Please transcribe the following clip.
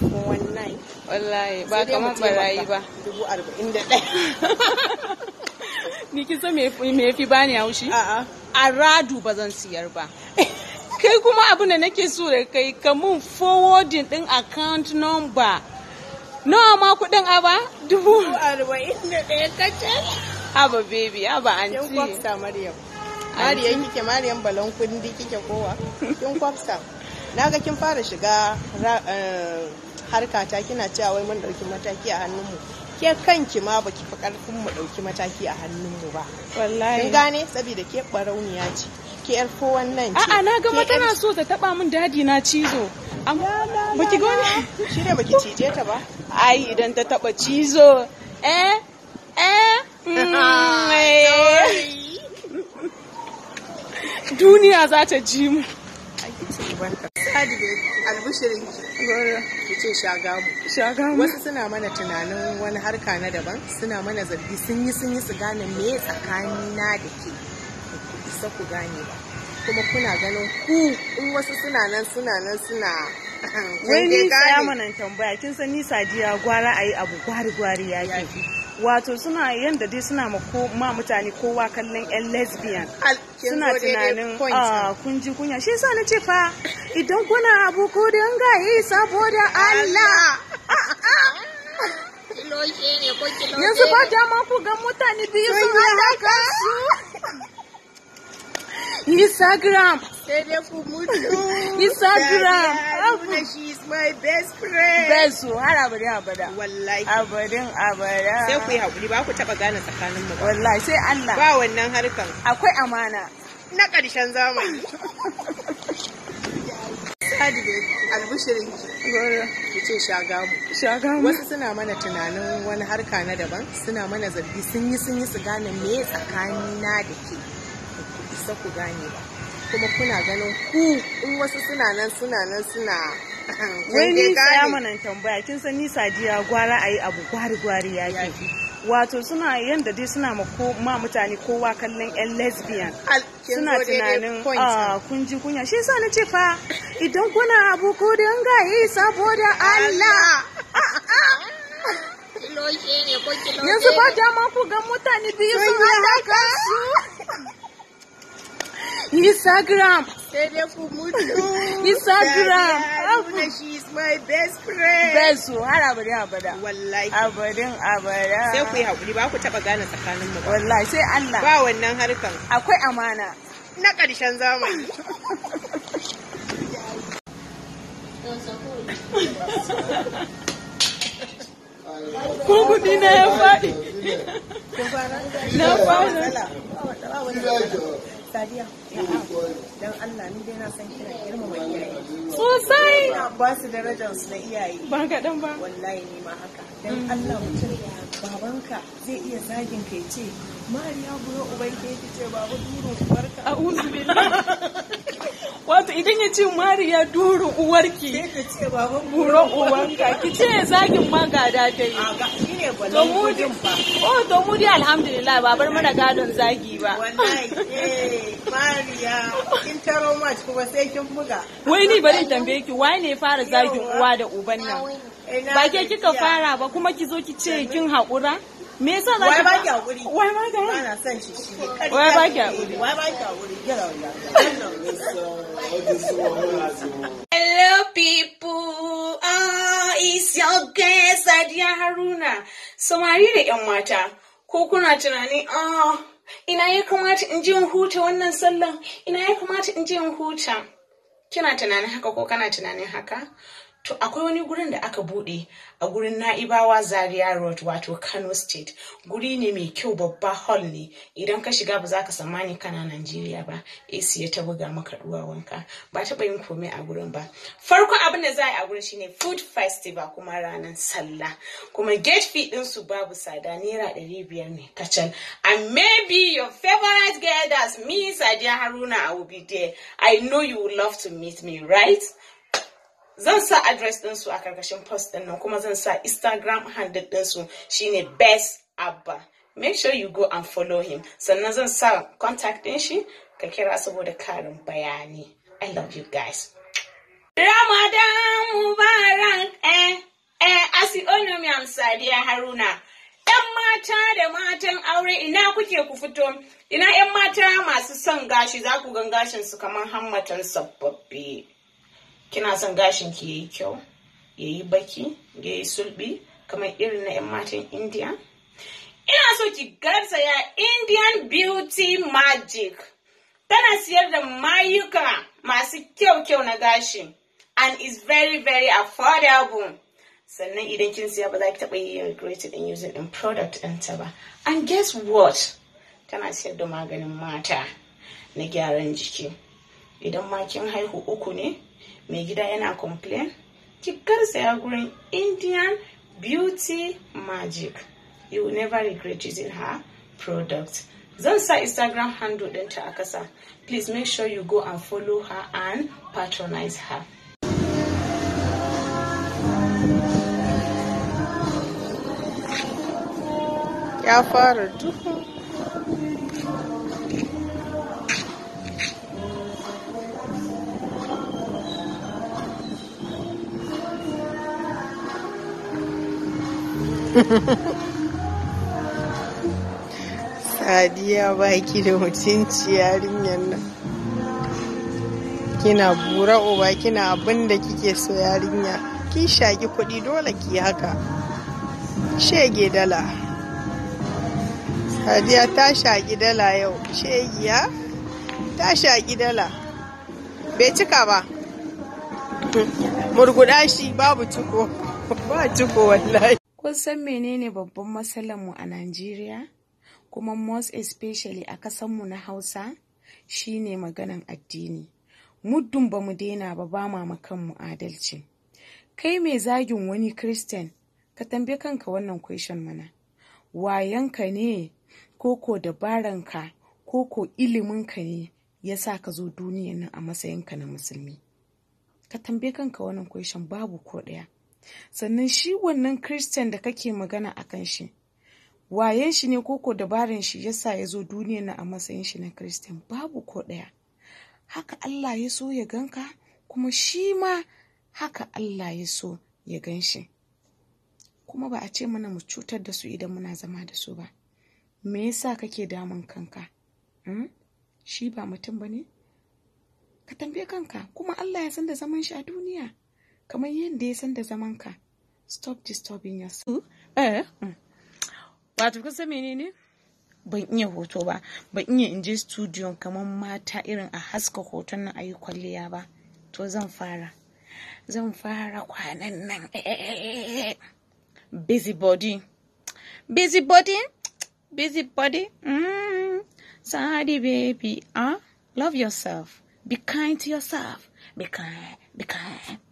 wallahi ba ba ni kisa me fi bani haushi a radu ba zan siyar ba kai kuma abu da nake so da kai ka mun forwarding din account number nawa ma kudin aba dubu arba'in da ɗaya kacal kike maryam balan kundi kike kowa kin na ga kin fara shiga eh, harka ta kina cewa wai mun ɗauki mataki a hannunmu ke kanki ma baki fi ƙarfin mu ɗauki mataki a hannunmu ba wallahi kin gane saboda ke barauniya ce ke yar ko wannan ce a'a na ga ma tana so ta taba min dadi na cizo amma baki gani shi ne baki cije ta ba ai idan ta taba cizo eh eh, mm, eh duniya za ta ji mu hadbe albishirin ki ce shaga mu. wasu suna mana tunanin wani harka na daban suna mana zargi sun yi sun yi su gane me tsakani na da ke isa ku gane ba kuma kuna ganin ku in wasu suna nan suna nan suna wai ni tsaya mana tambaya kin san nisa sadiya gwara a yi abu gwari gwari ya ke wato suna yadda dai suna ma mutane kowa kallon yan lesbian suna tunanin ah, kun ji kunya shi sa na ce fa idan kuna abu ko don gaye saboda Allah ah, ah. yanzu ba dama ku ga mutane biyu sun haɗa kansu Instagram sai dai ku mutu instagram abu she is my best friend best har abadin abada wallahi abadin abada sai ku yi hakuri ba ku taba gane tsakanin mu wallahi sai Allah ba wannan harkan akwai amana na ƙarshen zamani Sadibe albishirin ki ce shagamu. Shagamu. Wasu suna mana tunanin wani harka na daban suna mana zargi sun yi sun yi su gane me tsakanina da ke. Ku isa ku gane ba. kuma kuna ganin ku in wasu suna nan suna nan suna wai ni saya mana tambaya kin san ni sadiya gwara ayi abu gwari gwari yake wato suna yanda dai suna ma mutane kowa kallon yan lesbian ah, suna tunanin ah, kun ji kunya shi yasa na ce fa idan kuna abu ko da gaye saboda Allah ah, yanzu ba dama ku ga mutane biyu sun halaka su Instagram. Sai mutu. Instagram. Abuna she is my best friend. Best so har abadin abada. Wallahi. Abadin abada. Sai ku yi hakuri ba ku taba gane tsakanin mu. Wallahi sai Allah. Ba wannan harkan. Akwai amana. Na ƙarshen zamani. Ko kudi na ya faɗi. Na faɗi. Sadiya, don Allah ni dai na san kina girmama iyaye. Sosai! Ina ba su darajar su na iyaye. Ba kaɗan ba. Wallahi ni ma haka. Don mm. Allah mutum babanka zai iya zagin ka ya ce, Mariya buru ubai ke ki ce babu durun uwarka. A uzu Wato idan ya ce Mariya duru uwarki. ke ka ce baban buro uwanka ki ce zagin ma ga ta yi. to mu oh dai alhamdulillah ba bar mana gadon zagi ba wallahi eh mariya kin taro kuma sai kin buga wai ni bari tambaye ki wai ne fara zagin uwa da uban nan ba ke kika fara ba kuma ki zo ki ce kin haƙura me yasa za ki ba ki haƙuri wai ba ki ba na son shi shi wai ba ki haƙuri wai ba ki haƙuri Sadiya Haruna, samari da 'yan mata, ko kuna tunani, ah, ina ya kamata in ji huta wannan sallan, ina ya kamata in ji huta. Kina tunanin haka ko kana tunanin haka? to akwai wani gurin da aka bude a gurin na'ibawa zaria road wato kano state guri ne mai kyau babba hall ne idan ka shiga ba za ka samani kana najeriya ba ac ya ta buga maka wanka ba taba yin komai a gurin ba farko abin da za a yi a gurin shine food festival kuma ranar sallah kuma gate fee din su babu sada naira ɗari biyar ne kacal and maybe your favorite girl me sadiya haruna i will be there i know you would love to meet me right zan sa address din su a karkashin post din nan kuma zan sa instagram handle su shine best abba make sure you go and follow him sannan zan sa contact din shi ka kira saboda karin bayani i love you guys ramadan mubarak eh eh asi onomi amsadiya haruna yan mata da matan aure ina kuke ku fito ina yan mata masu son gashi za ku gan gashin su kamar hammatan sababbi kina son gashin ki yayi kyau yayi baki yayi sulbi kamar irin na 'yan matan india ina so ki garzaya indian beauty magic tana siyar da mayuka masu kyau-kyau na gashi and is very very affordable sannan idan kin siya ba za ki taɓa yi regret din using in product ɗinta ba and guess what tana siyar da maganin mata na gyaran jiki idan ma kin haihu uku ne mai gida yana complain ki ya gurin indian beauty magic you will never regret using her product zan sa instagram handle ɗinta a ƙasa please make sure you go and follow her and patronize her ya fara duhu sadiya ba ki da mutunci yarinyar nan kina bura uba kina abin da kike so yarinya kin shaki kuɗi dole ki haka shege dala sadiya ta shaki dala yau shegiya ta shaki dala bai cika ba murguda shi babu ciko ba ciko wallahi kun san menene babban mu a Najeriya, kuma most especially a kasanmu na Hausa, shine maganan addini. muddun ba mu daina ba ba ma kanmu adalci. Kai mai zagin wani Christian, ka tambaye kanka wannan question mana. Wayanka ne, koko dabaranka, koko iliminka ne ya sa ka zo duniyan nan a matsayinka na musulmi. Ka tambaye kanka wannan question babu ko ɗaya. sannan shi wannan kristan da kake magana a kan shi wayen shi ne koko dabarin shi ya sa ya zo duniya na a matsayin shi na kristan babu ko ɗaya haka allah ya so ya ganka kuma shi ma haka allah ya so ya gan shi kuma ba a ce mana mu cutar da su idan muna zama da su ba me yasa kake damun kanka hmm? shi ba mutum ba ne ka tambaye kanka kuma allah ya san da zaman shi a duniya kamar yadda ya san da zaman ka stop disturbing yourself hmm? Eh? Hmm. wato kun san menene ban iya hoto ba ban iya in je studio kamar mata irin a haska hoton nan a yi kwalliya ba to zan fara zan fara kwanan nan busybody busybody busybody body sorry hmm. baby ah love yourself be kind to yourself be kind be kind